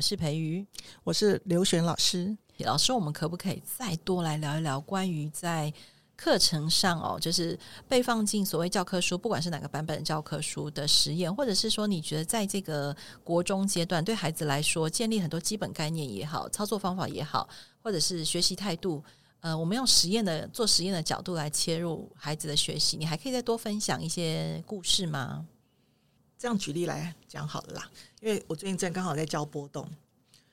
我是培瑜，我是劉璿老師。老師，我們可不可以再多來聊一聊關於在課程上哦，就是被放進所謂教科書，不管是哪個版本的教科書的實驗，或者是說你覺得在這個國中階段對孩子來說，建立很多基本概念也好，操作方法也好，或者是學習態度，呃，我們用實驗的做實驗的角度來切入孩子的學習，你還可以再多分享一些故事嗎？這樣舉例來講好了啦，因為我最近正剛好在教波動。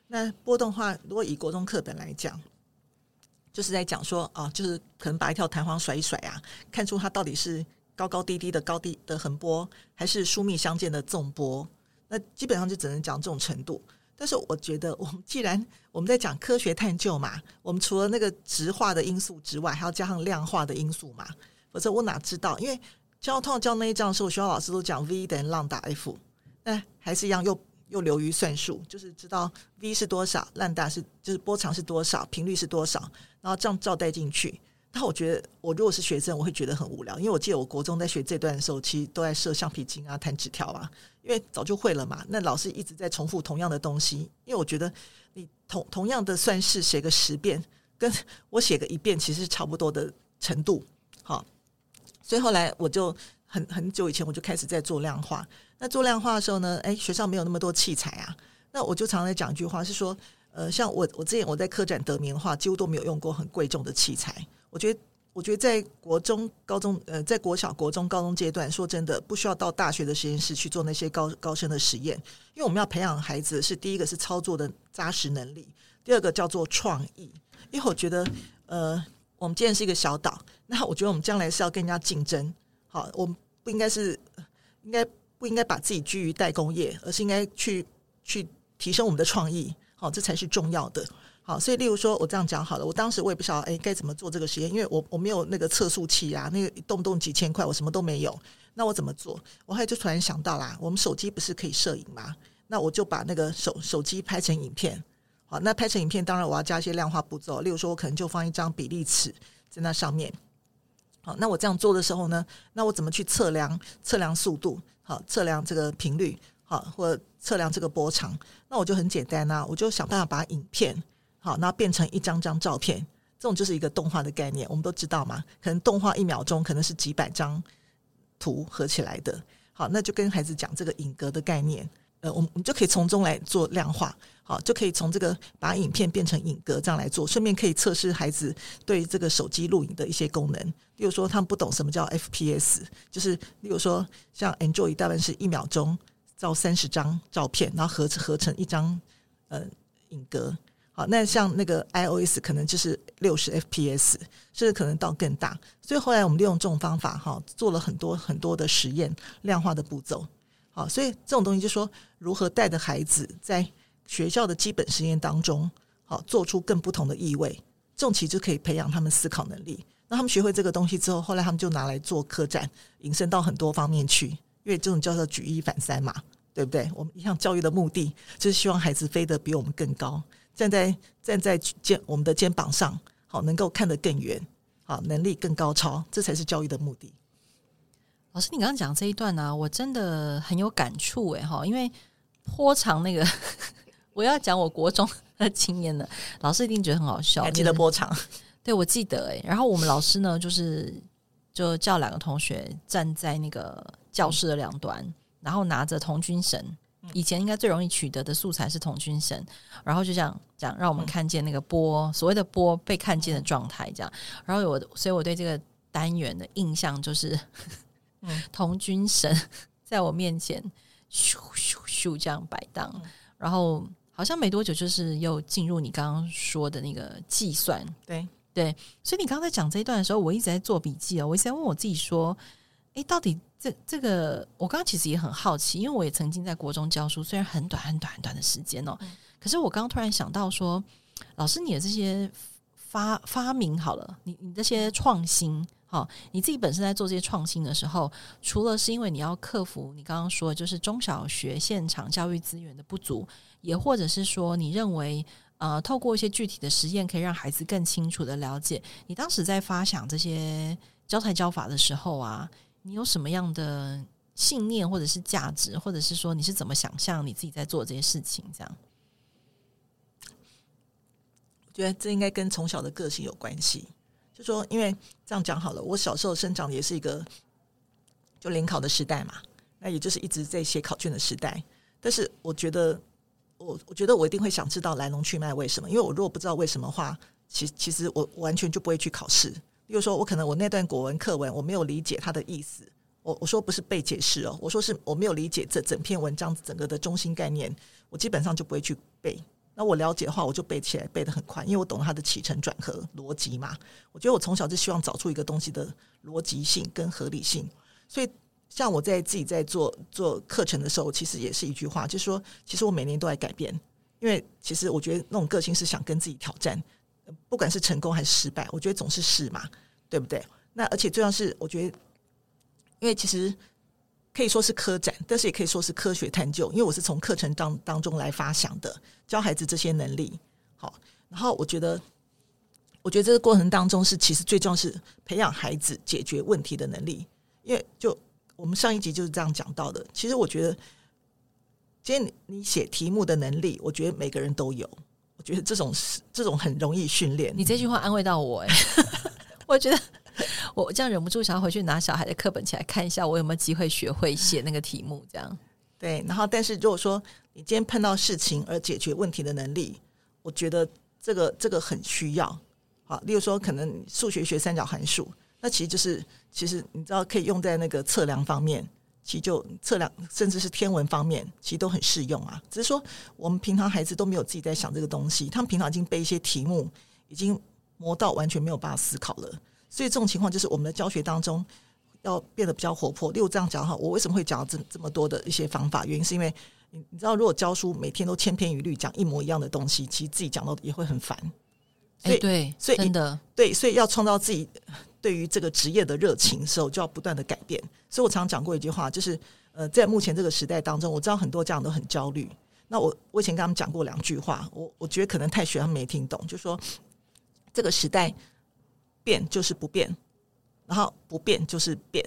那波動話，如果以國中課本來講，就是在講說啊、哦，就是可能把一條彈簧甩一甩啊，看出它到底是高高低低的高低的橫波，還是疏密相間的縱波。那基本上就只能講這種程度。但是我覺得，我們既然我們在講科學探究嘛，我們除了那個質化的因素之外，還要加上量化的因素嘛，否則我哪知道？因為像我通常教那一章的時候，學校老師都講 v 等於浪打 f，那還是一樣，又又流於算術，就是知道 v 是多少，浪打是就是波長是多少，頻率是多少，然後這樣照帶進去。那我覺得我如果是學生，我會覺得很無聊，因為我記得我國中在學這段的時候，其實都在射橡皮筋啊、彈紙條啊，因為早就會了嘛。那老師一直在重複同樣的東西，因為我覺得你同同樣的算式寫個十遍，跟我寫個一遍其實是差不多的程度，好、哦。所以後來我就很很久以前我就開始在做量化。那做量化的時候呢，哎，學校沒有那麼多器材啊。那我就常常講一句話，是說，呃，像我我之前我在科展得名的話，幾乎都沒有用過很貴重的器材。我覺得，我覺得在國中、高中，呃，在國小、國中、高中階段，說真的，不需要到大學的實驗室去做那些高高深的實驗，因為我們要培養孩子是第一個是操作的扎實能力，第二個叫做創意。因為我覺得，呃。我們既然是一個小島，那我覺得我們將來是要跟人家競爭。好，我們不應該是，應該不應該把自己拘於代工業，而是應該去去提升我們的創意。好，這才是重要的。好，所以例如說，我這樣講好了。我當時我也不曉得，哎，該怎麼做這個實驗，因為我我沒有那個測速器啊，那個動不動幾千塊，我什麼都沒有。那我怎麼做？我後來就突然想到啦，我們手機不是可以攝影嗎？那我就把那個手手機拍成影片。好，那拍成影片，當然我要加一些量化步驟。例如說，我可能就放一張比例尺在那上面。好，那我這樣做的時候呢，那我怎麼去測量測量速度？好，測量這個頻率，好，或者測量這個波長？那我就很簡單啊，我就想辦法把影片好，那變成一張張照片。這種就是一個動畫的概念，我們都知道嘛。可能動畫一秒鐘可能是幾百張圖合起來的。好，那就跟孩子講這個影格的概念。呃，我們我們就可以從中來做量化，好，就可以從這個把影片變成影格這樣來做，順便可以測試孩子對這個手機錄影的一些功能。例如說，他們不懂什麼叫 FPS，就是例如說像 Android，大概是一秒鐘照三十張照片，然後合合成一張呃影格。好，那像那個 iOS 可能就是六十 FPS，甚至可能到更大。所以後來我們利用這種方法哈，做了很多很多的實驗，量化的步驟。好，所以這種東西就是說。如何帶着孩子在學校的基本實驗當中，好做出更不同的意味？這種其實就可以培養他們思考能力。那他們學會這個東西之後，後來他們就拿來做科展，引申到很多方面去。因為這種叫做舉一反三嘛，對不對？我們一向教育的目的就是希望孩子飛得比我們更高，站在站在肩我們的肩膀上，好能夠看得更遠，好能力更高超，這才是教育的目的。老師，你剛剛講這一段呢、啊，我真的很有感觸誒。哈，因為。波長那個，我要講我國中的經驗的老師一定覺得很好笑。還記得波長、那個？對，我記得，欸、然後我們老師呢，就是就叫兩個同學站在那個教室的兩端，嗯、然後拿着童軍繩。嗯、以前應該最容易取得的素材是童軍繩，然後就這樣講，讓我們看見那個波，嗯、所謂的波被看見的狀態。這樣，然後我，所以我對這個單元的印象就是，嗯、童軍繩在我面前咻咻咻。就這樣擺盪，嗯、然後好像沒多久，就是又進入你剛剛說的那個計算，對對。所以你剛剛在講這一段的時候，我一直在做筆記啊、哦，我一直在問我自己說，哎，到底這這個，我剛剛其實也很好奇，因為我也曾經在國中教書，雖然很短很短很短的時間哦，嗯、可是我剛剛突然想到說，老師你的這些發發明好了，你你這些創新。好，你自己本身在做這些創新的時候，除了是因為你要克服你剛剛說，就是中小學現場教育資源的不足，也或者是說，你認為呃，透過一些具體的實驗，可以讓孩子更清楚的了解，你當時在發想這些教材教法的時候啊，你有什麼樣的信念或者是價值，或者是說你是怎麼想象你自己在做這些事情這樣？我覺得這應該跟從小的個性有關係。就說，因為這樣講好了，我小時候生長也是一個就聯考的時代嘛，那也就是一直在寫考卷的時代。但是我覺得，我我覺得我一定會想知道來龍去脈為什麼？因為我如果不知道為什麼的話，其其實我完全就不會去考試。比如說我可能我那段古文課文我沒有理解它的意思，我我說不是背解釋哦，我說是我沒有理解這整篇文章整個的中心概念，我基本上就不會去背。那我了解的話，我就背起來，背得很快，因為我懂它的起承轉合邏輯嘛。我覺得我從小就希望找出一個東西的邏輯性跟合理性。所以，像我在自己在做做課程的時候，其實也是一句話，就是說，其實我每年都在改變，因為其實我覺得那種個性是想跟自己挑戰，不管是成功還是失敗，我覺得總是試嘛，對不對？那而且最重要是，我覺得，因為其實。可以說是科展，但是也可以說是科學探究，因為我是從課程當當中來發想的，教孩子這些能力。好，然後我覺得，我覺得這個過程當中是其實最重要是培養孩子解決問題的能力，因為就我們上一集就是這樣講到的。其實我覺得，今天你你寫題目的能力，我覺得每個人都有，我覺得這種是這種很容易訓練。你這句話安慰到我。欸、 我覺得。 我這樣忍不住想要回去拿小孩的課本起來看一下，我有沒有機會學會寫那個題目？這樣對。然後，但是如果說你今天碰到事情而解決問題的能力，我覺得這個這個很需要。好，例如說，可能數學學三角函數，那其實就是其實你知道可以用在那個測量方面，其實就測量甚至是天文方面，其實都很適用啊。只是說我們平常孩子都沒有自己在想這個東西，他們平常已經背一些題目，已經磨到完全沒有辦法思考了。所以這種情況就是我們的教學當中要變得比較活潑。例如這樣講哈，我為什麼會講這這麼多的一些方法？原因是因為你你知道，如果教書每天都千篇一律講一模一樣的東西，其實自己講到也會很煩。哎，對，所以你的對，所以要創造自己對於這個職業的熱情的時候，就要不斷的改變。所以我常講過一句話，就是呃，在目前這個時代當中，我知道很多家長都很焦慮。那我我以前跟他們講過兩句話，我我覺得可能太學他們沒聽懂，就說這個時代。變就是不變，然後不變就是變。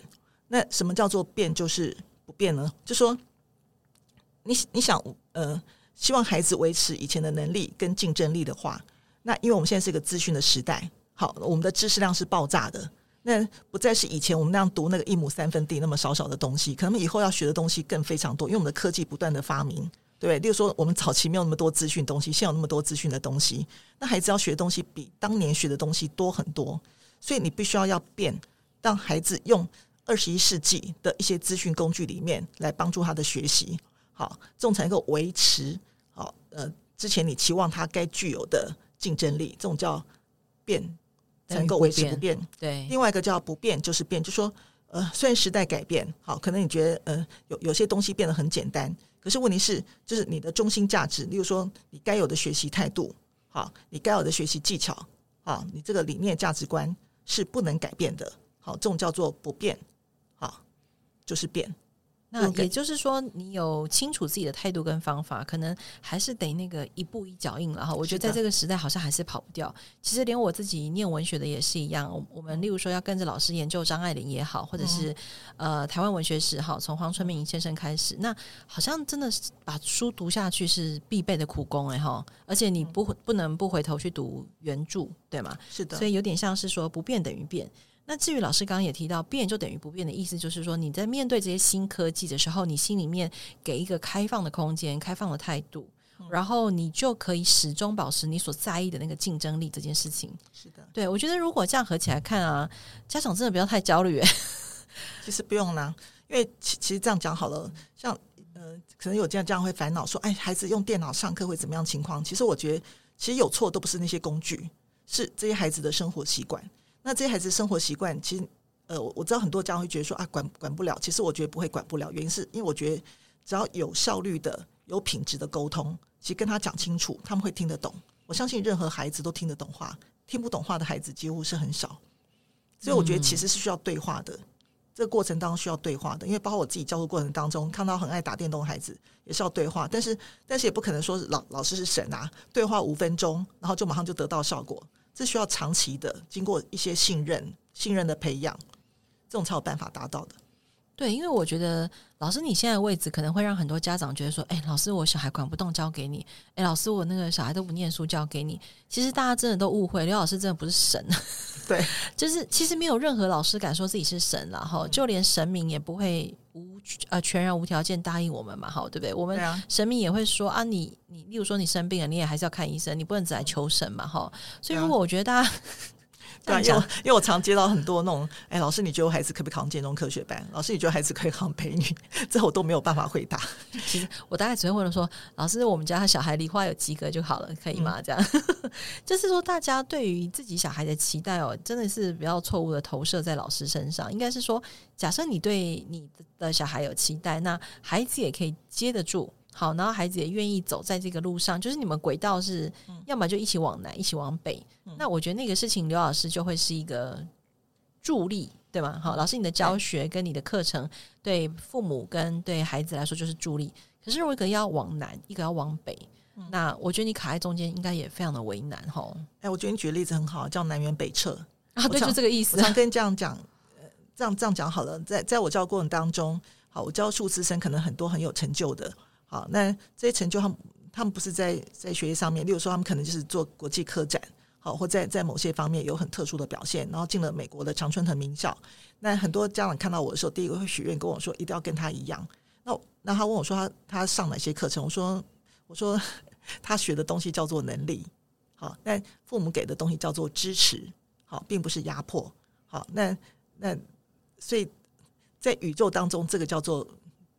那什麼叫做變就是不變呢？就說你你想呃，希望孩子維持以前的能力跟競爭力的話，那因為我們現在是一個資訊的時代，好，我們的知識量是爆炸的，那不再是以前我們那樣讀那個一畝三分地那麼少少的東西，可能以後要學的東西更非常多，因為我們的科技不斷的發明。對，例如說，我們早期沒有那麼多資訊東西，現在有那麼多資訊的東西，那孩子要學的東西比當年學的東西多很多，所以你必須要要變，讓孩子用二十一世紀的一些資訊工具裡面來幫助他的學習，好，這種才能夠維持，好，呃，之前你期望他該具有的競爭力，這種叫變，才能夠維持不變。對，另外一個叫不變就，就是變，就是說，呃，雖然時代改變，好，可能你覺得，呃，有有些東西變得很簡單。可是問題是，就是你的中心價值，例如說你該有的學習態度，好，你該有的學習技巧，好，你這個理念價值觀是不能改變的，好，這種叫做不變，好，就是變。那也就是說，你有清楚自己的態度跟方法，可能還是得那個一步一腳印了哈。我覺得在這個時代，好像還是跑不掉。其實連我自己念文學的也是一樣，我們例如說要跟着老師研究張愛玲也好，或者是呃台灣文學史好，從黃春明先生開始，那好像真的把書讀下去是必備的苦功誒，哈。而且你不不能不回頭去讀原著，對嗎？是的，所以有點像是說不變等於變。那至於老師剛剛也提到變就等於不變的意思，就是說你在面對這些新科技的時候，你心裡面給一個開放的空間、開放的態度，嗯、然後你就可以始終保持你所在意的那個競爭力。這件事情是的，對我覺得如果這樣合起來看啊，家長真的不要太焦慮，其實不用啦。因為其其實這樣講好了，像呃，可能有這樣這樣會煩惱說，哎，孩子用電腦上課會怎麼樣情況？其實我覺得，其實有錯都不是那些工具，是這些孩子的生活習慣。那這些孩子生活習慣，其實，呃，我我知道很多家長會覺得說啊，管，管不了。其實我覺得不會管不了，原因是因為我覺得只要有效率的、有品質的溝通，其實跟他講清楚，他們會聽得懂。我相信任何孩子都聽得懂話，聽不懂話的孩子幾乎是很少。所以我覺得其實是需要對話的，嗯，這個過程當中需要對話的，因為包括我自己教的過程當中，看到很愛打電動的孩子也是要對話，但是但是也不可能說老老師是神啊，對話五分鐘，然後就馬上就得到效果。這需要長期的經過一些信任、信任的培養，這種才有辦法達到的。對，因為我覺得老師你現在的位置可能會讓很多家長覺得說：“哎，老師我小孩管不動，交給你。”“哎，老師我那個小孩都不念書，交給你。”其實大家真的都誤會，劉老師真的不是神。對，就是其實沒有任何老師敢說自己是神，然後就連神明也不會。無啊、呃，全然無條件答應我們嘛，哈，對不對？對啊、我們神明也會說啊你，你你，例如說你生病了，你也還是要看醫生，你不能只來求神嘛，哈、啊。所以，如果我覺得大家、啊。 對、啊、因， 因為我常接到很多那種。哎、老師，你覺得我孩子可不可以考上建中科學班？老師，你覺得孩子可以考上北一女？這我都沒有辦法回答。 其實我大概只會問了說，老師，我們家小孩理化有及格就好了，可以嗎？嗯、這樣， 就是說大家對於自己小孩的期待哦、喔，真的是比較錯誤的投射在老師身上。應該是說，假設你對你的小孩有期待，那孩子也可以接得住。好，然後孩子也願意走在這個路上，就是你們軌道是，要麼就一起往南，嗯、一起往北。嗯、那我覺得那個事情，劉老師就會是一個助力，對嗎？好、哦，老師，你的教學跟你的課程對父母跟對孩子來說就是助力。可是如果一個要往南，一個要往北，嗯、那我覺得你卡在中間應該也非常的為難哈。哦、哎，我覺得你舉例子很好，叫南轅北轍啊，對，上就這個意思。我想跟你這樣講，呃，這樣這樣講好了。在在我教過程當中，好，我教數次生可能很多很有成就的。好，那這些成就他們，他他們不是在在學業上面，例如說，他們可能就是做國際科展，好，或在在某些方面有很特殊的表現，然後進了美國的常春藤名校。那很多家長看到我的時候，第一個會許願跟我說，一定要跟他一樣。那那他問我說他，他他上哪些課程？我說我說他學的東西叫做能力，好，那父母給的東西叫做支持，好，並不是壓迫，好，那那所以，在宇宙當中，這個叫做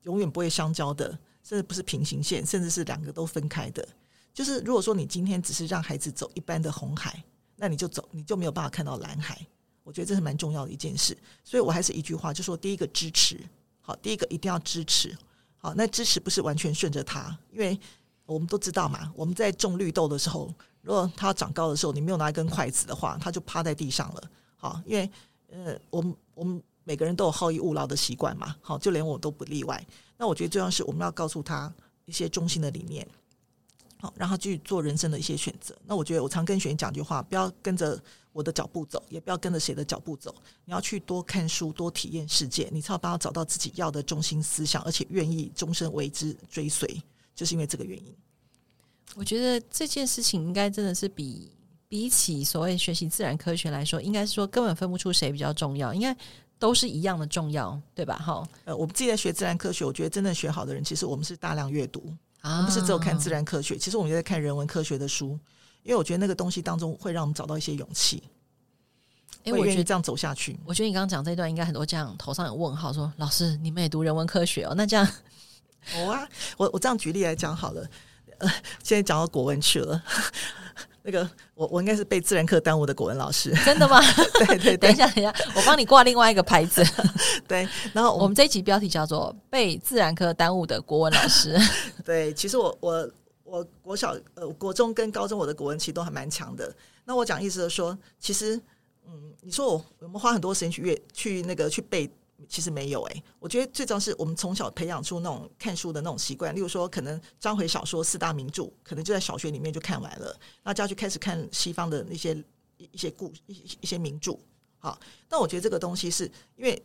永遠不會相交的。這不是平行線，甚至是兩個都分開的。就是如果說你今天只是讓孩子走一般的紅海，那你就走，你就沒有辦法看到藍海。我覺得這是蠻重要的一件事，所以我還是一句話，就說第一個支持，好，第一個一定要支持，好，那支持不是完全順着他，因為我們都知道嘛，我們在種綠豆的時候，如果他長高的時候，你沒有拿一根筷子的話，他就趴在地上了，好，因為呃，我們我們。每個人都有好逸惡勞的習慣嘛，好，就連我都不例外。那我覺得最重要是我們要告訴他一些中心的理念，好，然後去做人生的一些選擇。那我覺得我常跟學員講句話：不要跟着我的腳步走，也不要跟着誰的腳步走。你要去多看書，多體驗世界，你才有辦法找到自己要的中心思想，而且願意終身為之追隨。就是因為這個原因。我覺得這件事情應該真的是比比起所謂學習自然科學來說，應該是說根本分不出誰比較重要，應該。都是一樣的重要，對吧？好、哦，呃，我們自己在學自然科學，我覺得真正學好的人，其實我們是大量閱讀，啊、我不是只有看自然科學，其實我們就在看人文科學的書，因為我覺得那個東西當中會讓我們找到一些勇氣。因為我覺得這樣走下去我。我覺得你剛剛講這一段，應該很多家長頭上有問號，說：“老師，你們也讀人文科學哦？”那這樣，好、哦、啊，我我這樣舉例來講好了，呃，現在講到國文去了。 那個，我我應該是被自然科耽誤的國文老師，真的嗎？對 對，對對 等一下等一下，我幫你掛另外一個牌子。 對，然後我們這一集標題叫做《被自然科耽誤的國文老師》。對，其實我我我國小呃國中跟高中我的國文其實都還蠻強的。那我講的意思就是說，其實嗯，你說我我們花很多時間去閱去那個去背，其實沒有誒、欸，我覺得最重要是我們從小培養出那種看書的那種習慣。例如說，可能章回小說、四大名著，可能就在小學裡面就看完了，那就要去開始看西方的那些一，一些故一，一，一些名著。好，但我覺得這個東西是，因為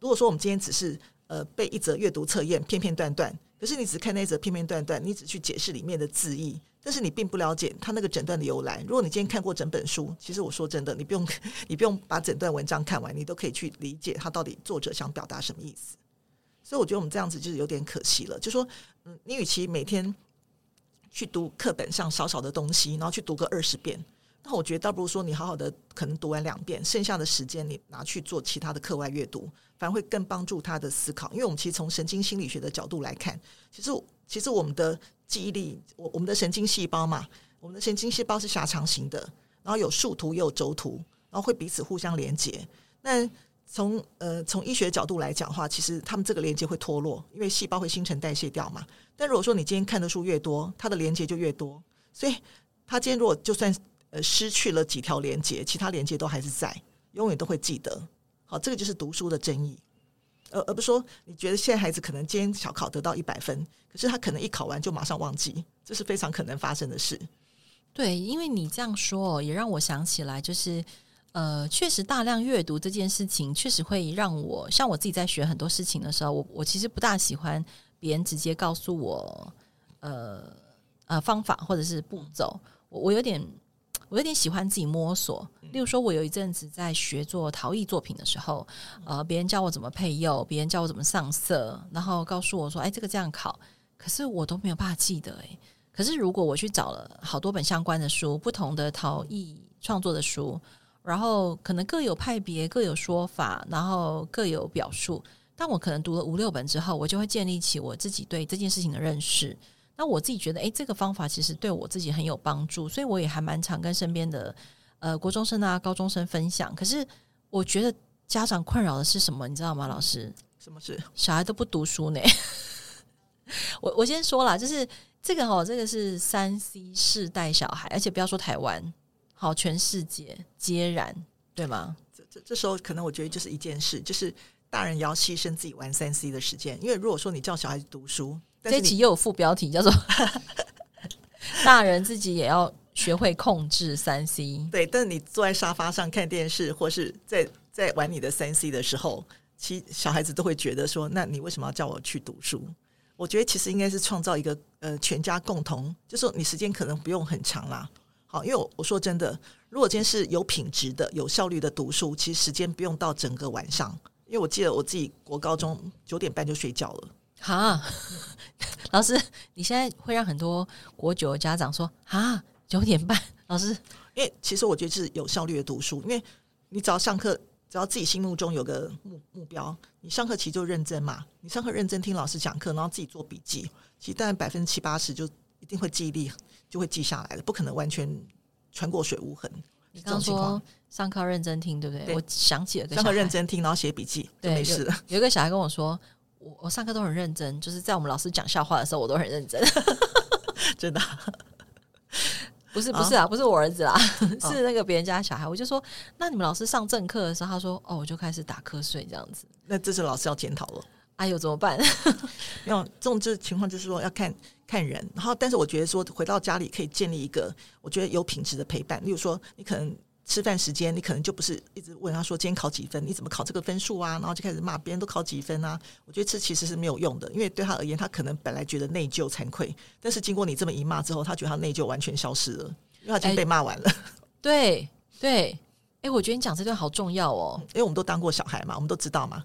如果說我們今天只是呃背一則閱讀測驗片片段段，可是你只看那則片片段段，你只去解釋裡面的字義。但是你並不了解他那個整段的由來。如果你今天看過整本書，其實我說真的，你不用你不用把整段文章看完，你都可以去理解他到底作者想表達什麼意思。所以我覺得我們這樣子就是有點可惜了。就說，嗯，你與其每天去讀課本上少少的東西，然後去讀個二十遍，那我覺得倒不如說你好好的可能讀完兩遍，剩下的時間你拿去做其他的課外閱讀，反而會更幫助他的思考，因為我們其實從神經心理學的角度來看，其實其實我們的，記憶力，我我們的神經細胞嘛，我們的神經細胞是狹長型的，然後有樹突也有軸突，然後會彼此互相連接。那從呃從醫學角度來講的話，其實他們這個連接會脫落，因為細胞會新陳代謝掉嘛。但如果說你今天看的書越多，它的連接就越多，所以它今天如果就算呃失去了幾條連接，其他連接都還是在，永遠都會記得。好，這個就是讀書的爭議。而而不是說，你覺得現在孩子可能今天小考得到一百分，可是他可能一考完就馬上忘記，這是非常可能發生的事。對，因為你這樣說，也讓我想起來，就是呃，確實大量閱讀這件事情，確實會讓我，像我自己在學很多事情的時候，我我其實不大喜歡別人直接告訴我，呃呃方法或者是步驟，我我有點。我有點喜歡自己摸索，例如說，我有一陣子在學做陶藝作品的時候，呃，別人教我怎麼配釉，別人教我怎麼上色，然後告訴我說，哎、欸，這個這樣考，可是我都沒有辦法記得、欸，哎，可是如果我去找了好多本相關的書，不同的陶藝創作的書，然後可能各有派別，各有說法，然後各有表述，但我可能讀了五六本之後，我就會建立起我自己對這件事情的認識。那我自己覺得，哎，這個方法其實對我自己很有幫助，所以我也還蠻常跟身邊的呃國中生啊、高中生分享。可是我覺得家長困擾的是什麼，你知道嗎？老師，什麼事？小孩都不讀書呢。 我我先說啦，就是這個哦，這個是三 C 世代小孩，而且不要說台灣，好，全世界皆然，對嗎？這這這時候，可能我覺得就是一件事，就是大人也要犧牲自己玩三 C 的時間，因為如果說你叫小孩讀書。這期又有副標題，叫做“ 大人自己也要學會控制三 C”。對，但你坐在沙發上看電視，或是在在玩你的三 C 的時候，其實小孩子都會覺得說：“那你為什麼要叫我去讀書？”我覺得其實應該是創造一個呃，全家共同，就是說你時間可能不用很長啦。好，因為我我說真的，如果今天是有品質的、有效率的讀書，其實時間不用到整個晚上。因為我記得我自己國高中九點半就睡覺了。好老師，你現在會讓很多國九的家長說啊，九點半，老師，因為其實我覺得是有效率的讀書，因為你只要上課，只要自己心目中有個目目標，你上課其實就認真嘛，你上課認真聽老師講課，然後自己做筆記，其實大概百分之七八十就一定會記憶力就會記下來了，不可能完全船過水無痕。你剛說上課認真聽，對不對？對，我想起了對，上課認真聽，然後寫筆記就沒事了，有。有一個小孩跟我說。我上課都很認真，就是在我們老師講笑話的時候，我都很認真。 真的、啊？不是，不是啊，哦、不是我兒子啦，是那個別人家小孩。我就說，那你們老師上正課的時候，他說哦，我就開始打瞌睡這樣子。那這是老師要檢討了。哎呦，怎麼辦？ 沒這種就是情況，就是說要看看人。然後，但是我覺得說，回到家裡可以建立一個我覺得有品質的陪伴。例如說，你可能。吃飯時間，你可能就不是一直問他說：“今天考幾分？你怎麼考這個分數啊？”然後就開始罵，別人都考幾分啊？我覺得這其實是沒有用的，因為對他而言，他可能本來覺得內疚、慚愧，但是經過你這麼一罵之後，他覺得他內疚完全消失了，因為他已經被罵完了。對、欸、對，哎、欸，我覺得你講這段好重要哦，因為我們都當過小孩嘛，我們都知道嘛。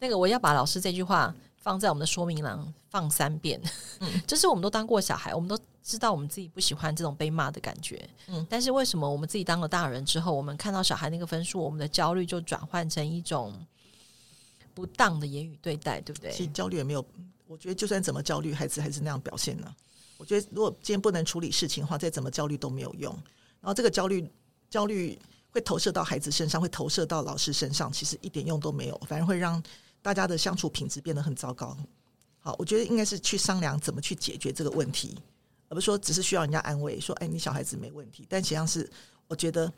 那個，我要把老師這句話。放在我們的說明欄放三遍，嗯， 就是我們都當過小孩，我們都知道我們自己不喜歡這種被罵的感覺，嗯，但是為什麼我們自己當了大人之後，我們看到小孩那個分數，我們的焦慮就轉換成一種不當的言語對待，對不對？其實焦慮也沒有，我覺得就算怎麼焦慮，孩子還是那樣表現呢、啊。我覺得如果今天不能處理事情的話，再怎麼焦慮都沒有用。然後這個焦慮，焦慮會投射到孩子身上，會投射到老師身上，其實一點用都沒有，反而會讓。大家的相處品質變得很糟糕，好，我覺得應該是去商量怎麼去解決這個問題，而不是說只是需要人家安慰，說，哎，你小孩子沒問題，但實際上是，我覺得，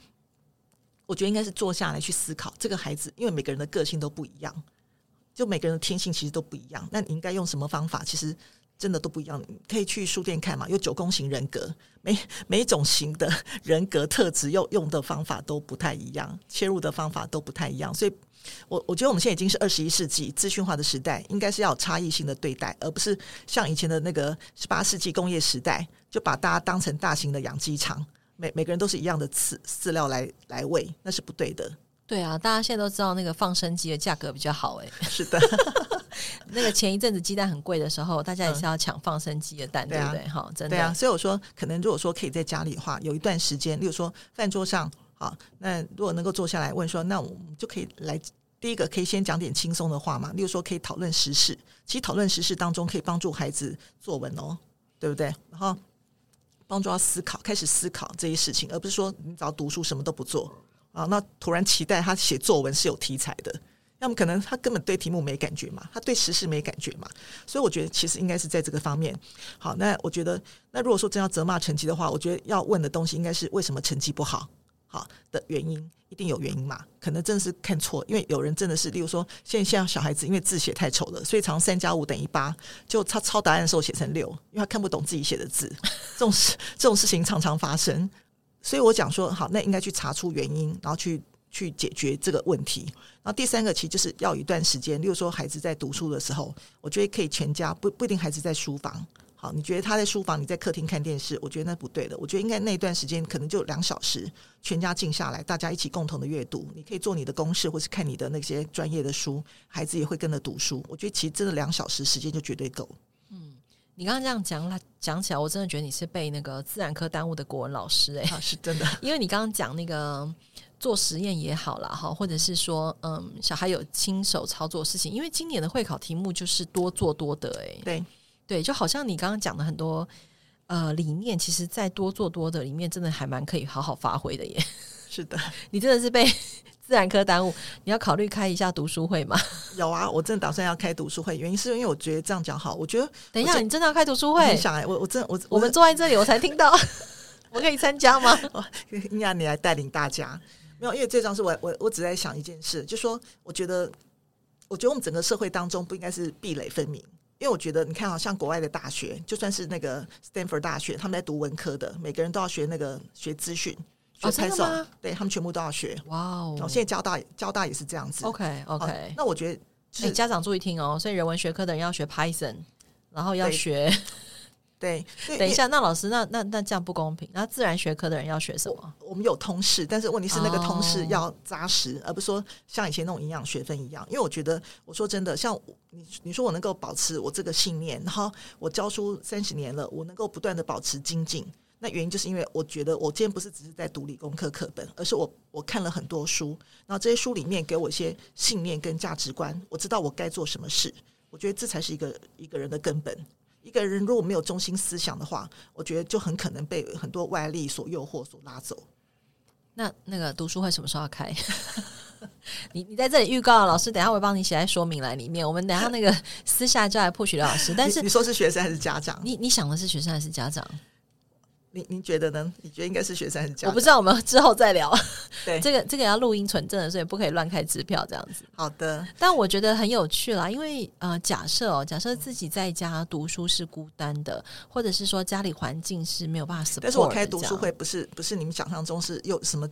我覺得應該是坐下來去思考，這個孩子，因為每個人的個性都不一樣，就每個人的天性其實都不一樣，那你應該用什麼方法？其實。真的都不一樣，可以去書店看嘛。有九宮型人格，每每種型的人格特質，用用的方法都不太一樣，切入的方法都不太一樣。所以，我我覺得我們現在已經是二十一世紀資訊化的時代，應該是要有差異性的對待，而不是像以前的那個十八世紀工業時代，就把大家當成大型的養雞場，每每個人都是一樣的飼飼料來來餵，那是不對的。對啊，大家現在都知道那個放生雞的價格比較好，欸，誒，是的。 那個前一陣子雞蛋很貴的時候，大家也是要搶放生雞的蛋，嗯、對不對？哈、啊，真的。對啊，所以我說，可能如果說可以在家裡的話，有一段時間，例如說飯桌上，好，那如果能夠坐下來問說，那我們就可以來第一個，可以先講點輕鬆的話嘛。例如說，可以討論時事。其實討論時事當中，可以幫助孩子作文哦，對不對？然後幫助他思考，開始思考這些事情，而不是說你只要讀書什麼都不做啊。那突然期待他寫作文是有題材的。那麼可能他根本對題目沒感覺嘛，他對時事沒感覺嘛，所以我覺得其實應該是在這個方面。好，那我覺得，那如果說真要責罵成績的話，我覺得要問的東西應該是為什麼成績不好，好的原因一定有原因嘛。可能真的是看錯，因為有人真的是，例如說，現在像小孩子，因為字寫太醜了，所以常三加五等於八，就他抄答案的時候寫成六，因為他看不懂自己寫的字，這種事這種事情常常發生。所以我講說，好，那應該去查出原因，然後去。去解決這個問題，然後第三個其實就是要一段時間。例如說，孩子在讀書的時候，我覺得可以全家不，不一定孩子在書房。好，你覺得他在書房，你在客廳看電視，我覺得那不對的。我覺得應該那段時間可能就兩小時，全家靜下來，大家一起共同的閱讀。你可以做你的公式，或是看你的那些專業的書，孩子也會跟着讀書。我覺得其實真的兩小時時間就絕對夠。嗯，你剛剛這樣講，講起來，我真的覺得你是被那個自然科耽誤的國文老師誒，欸，啊，是真的， 因為你剛剛講那個。做實驗也好了哈，或者是說，嗯，小孩有親手操作事情，因為今年的會考題目就是多做多得、欸，哎對，對對，就好像你剛剛講的很多呃理念，其實在多做多得裡面，真的還蠻可以好好發揮的耶。是的，你真的是被自然科耽誤，你要考慮開一下讀書會嗎？有啊，我真的打算要開讀書會，原因是因為我覺得這樣講好。我覺得，等一下就你真的要開讀書會？想、欸，我我真的我我們坐在這裡我才聽到， 我可以參加嗎？讓你來帶領大家。沒有，因為這張是我我我只在想一件事，就是說我覺得，我覺得我們整個社會當中不應該是壁壘分明，因為我覺得你看，好像國外的大學，就算是那個 Stanford 大學，他們在讀文科的，每個人都要學那個學資訊，學 Python，哦、對他們全部都要學。哇哦 Wow！現在交大，交大也是這樣子。OK OK，那我覺得，哎，你家長注意聽哦，所以人文學科的人要學 Python，然後要學。對，等一下，那老師，那那那這樣不公平。那自然學科的人要學什麼？我們有通識，但是問題是那個通識要扎實，oh. 而不是說像以前那種營養學分一樣。因為我覺得，我說真的，像你，你說我能夠保持我這個信念，然後我教書三十年了，我能夠不斷的保持精進，那原因就是因為我覺得，我今天不是只是在讀理工科課,課本，而是我我看了很多書，然後這些書裡面給我一些信念跟價值觀，我知道我該做什麼事。我覺得這才是一個一個人的根本。一個人如果沒有中心思想的話，我覺得就很可能被很多外力所誘惑、所拉走。那那個讀書會什麼時候要開？ 你你在這裡預告，老師，等一下我會幫你寫在說明欄裡面。我們等一下那個私下叫來 push 老師， 但是你，你說是學生還是家長？你你想的是學生還是家長？您您覺得呢？你覺得應該是學生還是家長？我不知道，我們之後再聊 對。對、這個，這個這個要錄音存證的，所以不可以亂開支票這樣子。好的，但我覺得很有趣啦，因為呃，假設哦，假設自己在家讀書是孤單的，或者是說家裡環境是沒有辦法 support 的，但是我開讀書會不是不是你們想象中是又什麼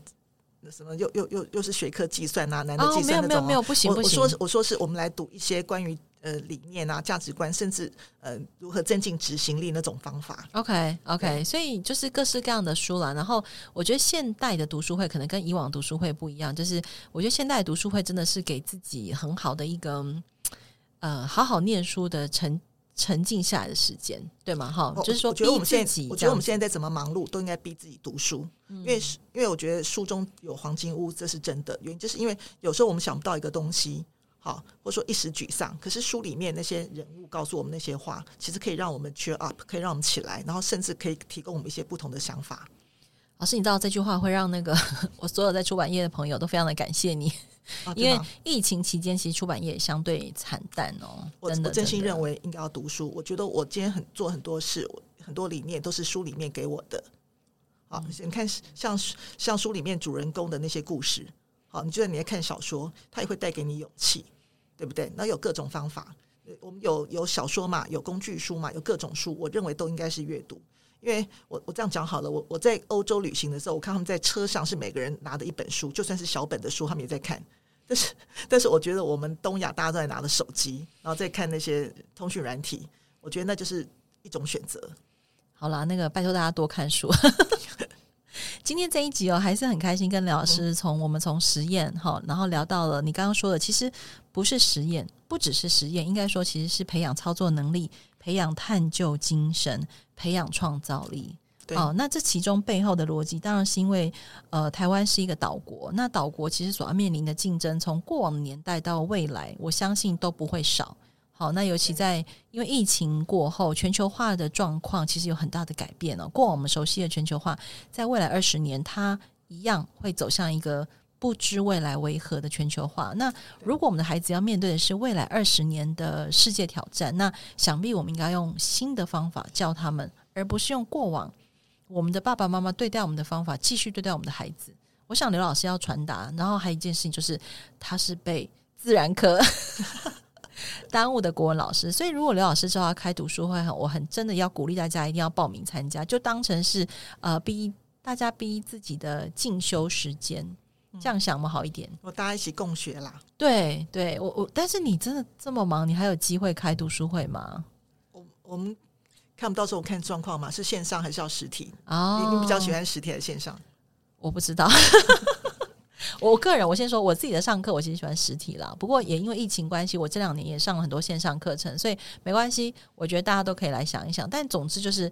什麼又又又又是學科計算啊，難得計算那、啊、沒有那、哦、沒有不行不行。我，不行我說我說，我說是我們來讀一些關於。呃，理念啊，價值觀，甚至呃，如何增進執行力那種方法。OK，OK，okay, okay, 對所以就是各式各樣的書了。然後，我覺得現代的讀書會可能跟以往讀書會不一樣，就是我覺得現代的讀書會真的是給自己很好的一個呃，好好念書的沉沉浸下來的時間，對嗎？哈我、哦，就是說，我覺得我們現在，我覺得我們現在在怎麼忙碌，都應該逼自己讀書，嗯、因為因為我覺得書中有黃金屋，這是真的原因，就是因為有時候我們想不到一個東西。好，或說一時沮喪，可是書裡面那些人物告訴我們那些話，其實可以讓我們 cheer up，可以讓我們起來，然後甚至可以提供我們一些不同的想法。老師，你知道這句話會讓那個我所有在出版業的朋友都非常的感謝你，啊、因為疫情期間其實出版業也相對慘淡哦，真的，我。我真心認為應該要讀書，我覺得我今天很做很多事，很多理念都是書裡面給我的。好，嗯、你看像像書裡面主人公的那些故事。好，你覺得你在看小說，它也會帶給你勇氣，對不對？那有各種方法，我們有有小說嘛，有工具書嘛，有各種書，我認為都應該是閱讀。因為我我這樣講好了，我我在歐洲旅行的時候，我看他們在車上是每個人拿的一本書，就算是小本的書，他們也在看。但是但是，我覺得我們東亞大家都在拿著手機，然後在看那些通訊軟體，我覺得那就是一種選擇。好啦，那個拜託大家多看書。 今天這一集哦，還是很開心跟劉老師從我們從實驗哈，嗯、然後聊到了你剛剛說的，其實不是實驗，不只是實驗，應該說其實是培養操作能力、培養探究精神、培養創造力。對哦，那這其中背後的邏輯，當然是因為呃，台灣是一個島國，那島國其實所要面臨的競爭，從過往的年代到未來，我相信都不會少。好、哦，那尤其在因為疫情過後，對全球化的狀況其實有很大的改變了、哦。過往我們熟悉的全球化，在未來二十年，它一樣會走向一個不知未來為何的全球化。那如果我們的孩子要面對的是未來二十年的世界挑戰，那想必我們應該用新的方法教他們，而不是用過往我們的爸爸媽媽對待我們的方法繼續對待我們的孩子。我想劉老師要傳達，然後還有一件事情就是，他是被自然科 耽誤的國文老師，所以如果劉老師知道要開讀書會，我很真的要鼓勵大家一定要報名參加，就當成是呃逼大家逼自己的進修時間，這樣想嘛，好一點？嗯、我大家一起共學啦。對，對我我，但是你真的這麼忙，你還有機會開讀書會嗎？我我們看不到時候看狀況嘛，是線上還是要實體啊？你、哦、你比較喜歡實體還是線上？我不知道。 我個人，我先說，我自己的上課，我其實喜歡實體了。不過也因為疫情關係，我這兩年也上了很多線上課程，所以沒關係。我覺得大家都可以來想一想。但總之就是，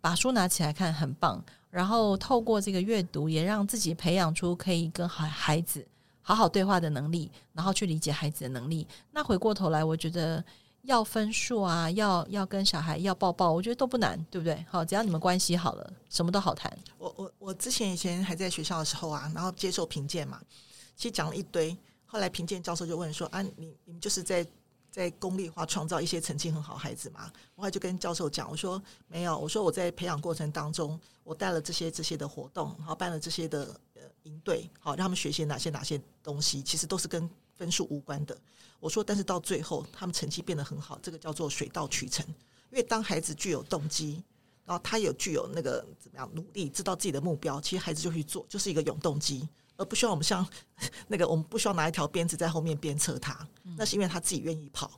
把書拿起來看很棒，然後透過這個閱讀，也讓自己培養出可以跟孩孩子好好對話的能力，然後去理解孩子的能力。那回過頭來，我覺得。要分數啊，要要跟小孩要抱抱，我覺得都不難，對不對？好，只要你們關係好了，什麼都好談。我我我之前以前還在學校的時候啊，然後接受評鑑嘛，其實講了一堆。後來評鑑教授就問說：“啊，你你們就是在在功利化創造一些成績很好孩子嗎？”我後來就跟教授講，我說：“沒有，我說我在培養過程當中，我帶了這些這些的活動，然後辦了這些的呃營隊，好讓他們學習哪些哪些東西，其實都是跟。”分數無關的，我說，但是到最後，他們成績變得很好，這個叫做水到渠成。因為當孩子具有動機，然後他有具有那個怎麼樣努力，知道自己的目標，其實孩子就去做，就是一個永動機，而不需要我們像那個我們不需要拿一條鞭子在後面鞭策他。那是因為他自己願意跑。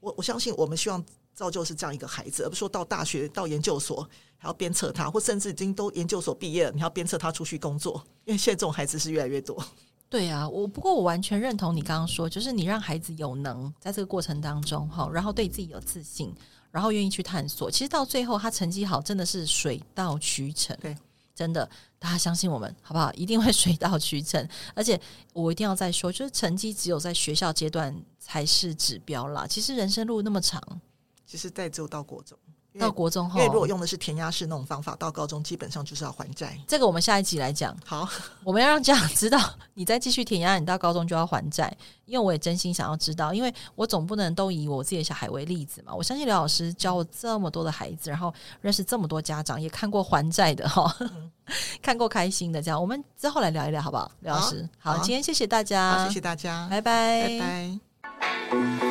我我相信，我們希望造就是這樣一個孩子，而不是說到大學到研究所還要鞭策他，或甚至已經都研究所畢業了，你還要鞭策他出去工作。因為現在這種孩子是越來越多。對啊，我不過我完全認同你剛剛說，就是你讓孩子有能在這個過程當中哈，然後對自己有自信，然後願意去探索。其實到最後他成績好，真的是水到渠成。對，真的，大家相信我們好不好？一定會水到渠成。而且我一定要再說，就是成績只有在學校階段才是指標啦。其實人生路那麼長，其實在走到國中。到國中後，因為如果用的是填鴨式那種方法，到高中基本上就是要還債。這個我們下一集來講。好，我們要讓家長知道，你再繼續填鴨，你到高中就要還債。因為我也真心想要知道，因為我總不能都以我自己的小孩為例子嘛。我相信劉老師教我這麼多的孩子，然後認識這麼多家長，也看過還債的哈、哦，嗯、 看過開心的這樣。我們之後來聊一聊，好不好？劉老師，好，啊、好，好啊、今天謝謝大家，謝謝大家，拜拜，拜拜。